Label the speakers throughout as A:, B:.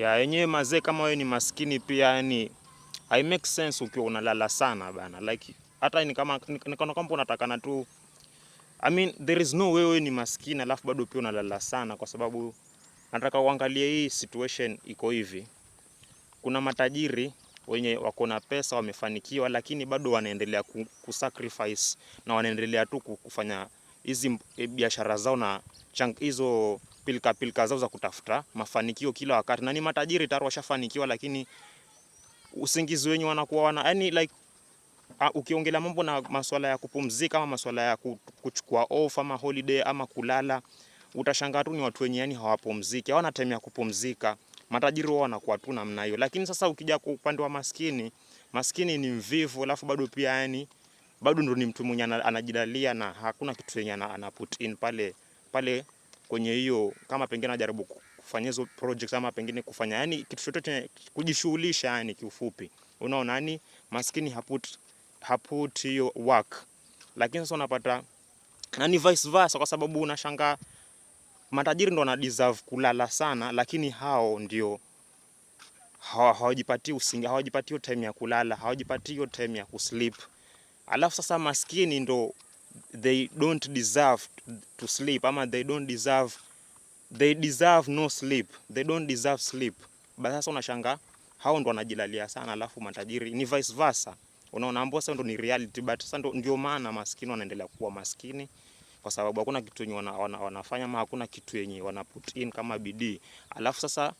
A: ya yenyewe mazee, kama wewe ni maskini pia, yani I make sense ukiwa unalala sana bana, like hata ni kama ni kwamba unatakana tu I mean there is no way wewe ni maskini alafu bado pia unalala sana, kwa sababu nataka uangalie hii situation iko hivi. Kuna matajiri wenye wako na pesa wamefanikiwa, lakini bado wanaendelea kusacrifice na wanaendelea tu kufanya hizi eh, biashara zao na hizo pilika pilika zao za kutafuta mafanikio kila wakati, na ni matajiri tayari washafanikiwa, lakini usingizi wenyu wanakuwa wana yani like uh, ukiongelea mambo na masuala ya kupumzika ama masuala ya kuchukua off ama holiday ama kulala, utashangaa tu ni watu wenye yani hawapumziki, hawana time ya kupumzika. Matajiri wao wanakuwa tu namna hiyo, lakini sasa ukija kwa upande wa maskini, maskini ni mvivu, alafu bado pia yani bado ndo ni mtu mwenye anajidalia na hakuna kitu yenye ana, put in pale pale kwenye hiyo, kama pengine anajaribu kufanya hizo projects ama pengine kufanya yani kitu chochote kujishughulisha, yani kiufupi, unaona yani maskini haput haput hiyo work, lakini sasa unapata na ni vice versa, kwa sababu unashangaa matajiri ndo wana deserve kulala sana, lakini hao ndio hawajipatii usingi, hawajipatii time ya kulala, hawajipatii time ya kusleep. alafu sasa maskini ndo they don't deserve to sleep ama they don't deserve, they deserve no sleep, they don't deserve sleep. but sasa unashanga hao ndo wanajilalia sana, alafu matajiri ni vice versa. Unaona ambao sasa ndo ni reality, but sasa ndio maana maskini wanaendelea kuwa maskini kwa sababu hakuna kitu yenye wana, wana, wanafanya ama hakuna kitu yenye wana put in kama bidii. Alafu sasa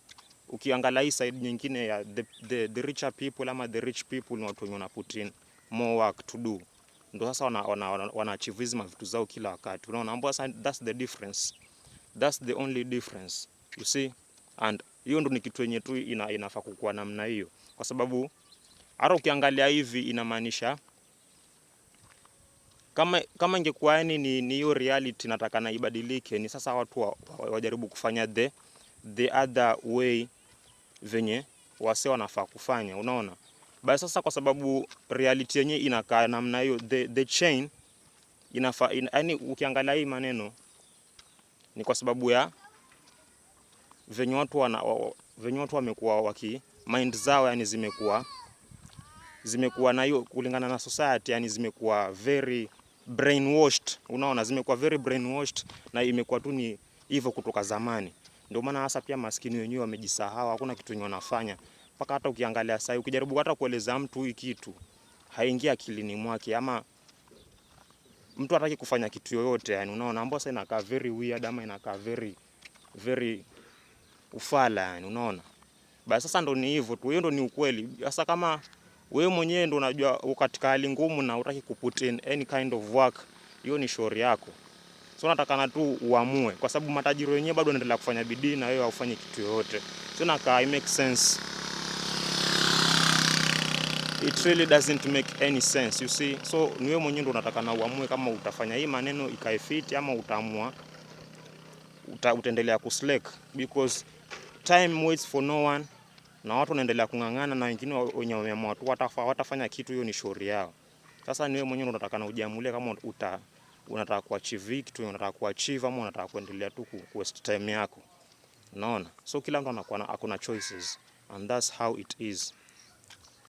A: ukiangalia hii side nyingine ya the, the, the richer people ama the rich people ni watu wenye wana put in more work to do ndio sasa wana, wana, wana, wana achieve hizi mavitu zao kila wakati unaona, ambao sasa that's the difference, that's the only difference you see, and hiyo ndio ni kitu yenye tu ina, inafaa kukua namna hiyo, kwa sababu hata ukiangalia hivi inamaanisha kama, kama ingekuwa yani ni hiyo reality nataka na ibadilike, ni sasa watu wa, wa, wajaribu kufanya the the other way venye wase wanafaa kufanya, unaona. Basi sasa kwa sababu reality yenye inakaa namna hiyo, the, the chain inafa, in, yani ukiangalia hii maneno ni kwa sababu ya venye watu wana venye watu wamekuwa waki mind zao yani zimekuwa zimekuwa na hiyo kulingana na society yani zimekuwa very brainwashed, unaona, zimekuwa very brainwashed na imekuwa tu ni hivyo kutoka zamani. Ndio maana hasa pia maskini wenyewe wamejisahau, hakuna kitu wenye wanafanya mpaka hata ukiangalia sasa, ukijaribu hata kueleza mtu hii kitu haingii akilini mwake, ama mtu hataki kufanya kitu yoyote yani, unaona mbona sasa inakaa very weird ama inakaa very very ufala yani, unaona basi. Sasa ndo ni hivyo tu, hiyo ndo ni ukweli. Sasa kama we mwenyewe ndo unajua katika hali ngumu na unataka kuput in any kind of work, hiyo ni shauri yako. So natakana tu uamue, kwa sababu matajiri wenyewe bado wanaendelea kufanya bidii na wewe haufanyi kitu yoyote. So nakaa, it makes sense it really doesn't make any sense you see. So niwe mwenyewe ndo unataka na uamue kama utafanya hii maneno ikae fit ama utaamua uta, utaendelea kuslack because time waits for no one, na watu wanaendelea kung'ang'ana na wengine wenye wameamua tu watafanya kitu, hiyo ni shauri yao. Sasa niwe mwenyewe ndo unataka na ujiamulie kama uta, unataka kuachieve kitu unataka kuachieve ama unataka kuendelea tu ku waste time yako, unaona. So kila mtu anakuwa ako na choices and that's how it is.